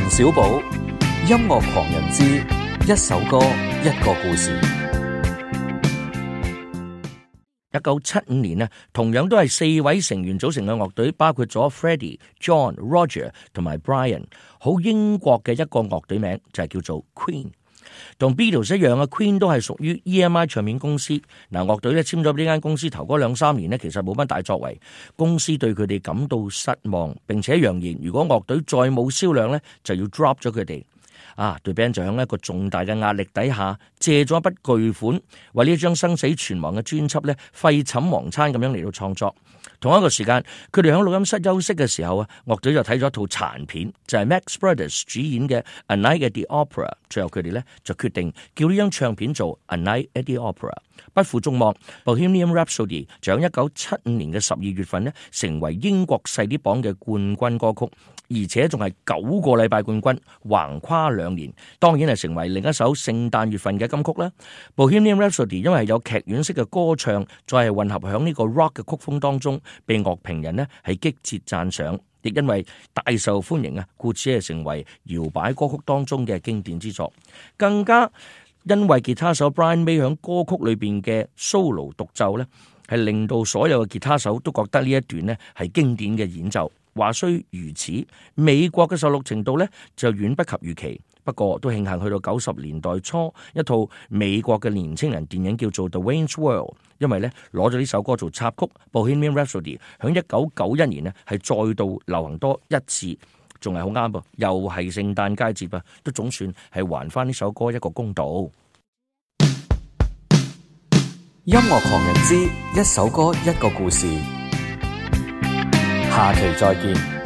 陳少寶，音樂狂人之一，首歌一個故事。一九七五年呢，同樣都係四位成員組成嘅樂隊，包括咗 Freddie、John、Roger 同埋 Brian，好英國嘅一個樂隊名就係、是、叫做 Queen。同 Beatles 一樣，Queen 都係屬於 EMI 唱片公司。嗱，樂隊咧簽咗呢間公司頭嗰兩三年咧，其實冇乜大作為。公司對佢哋感到失望，並且揚言如果樂隊再冇銷量咧，就要 drop 咗佢哋。啊，對 band 就響一個重大嘅壓力底下，借咗一筆巨款，為呢一張生死存亡嘅專輯咧，廢寢忘餐咁樣嚟到創作。同一個時間，佢哋喺錄音室休息嘅時候啊，樂隊就睇咗一套殘片，就係 Max Brothers 主演嘅《A Night at the Opera》，最後佢哋咧就決定叫呢張唱片做《A Night at the Opera》。不負眾望，《Bohemian Rhapsody》在一九七五年嘅十二月份呢，成為英國細碟榜嘅冠軍歌曲，而且仲係九個禮拜冠軍，橫跨兩年，當然係成為另一首聖誕月份嘅金曲啦。《Bohemian Rhapsody》因為有劇院式嘅歌唱，再係混合響呢個 rock 嘅曲風當中，被樂評人呢係激切讚賞，亦因為大受歡迎啊，故此係成為搖擺歌曲當中嘅經典之作，更加。因為吉他手 Brian May 響歌曲裏邊嘅 solo 獨奏呢係令到所有嘅吉他手都覺得呢一段咧係經典嘅演奏。話雖如此，美國嘅受落程度呢就遠不及預期。不過都慶幸去到九十年代初，一套美國嘅年青人電影叫做 The Wayne's World，因為呢攞咗呢首歌做插曲 Bohemian Rhapsody，響一九九一年呢係再度流行多一次。仲係好啱噃，又係聖誕佳節啊！都總算係還翻呢首歌一個公道。音樂狂人之一首歌一個故事，下期再見。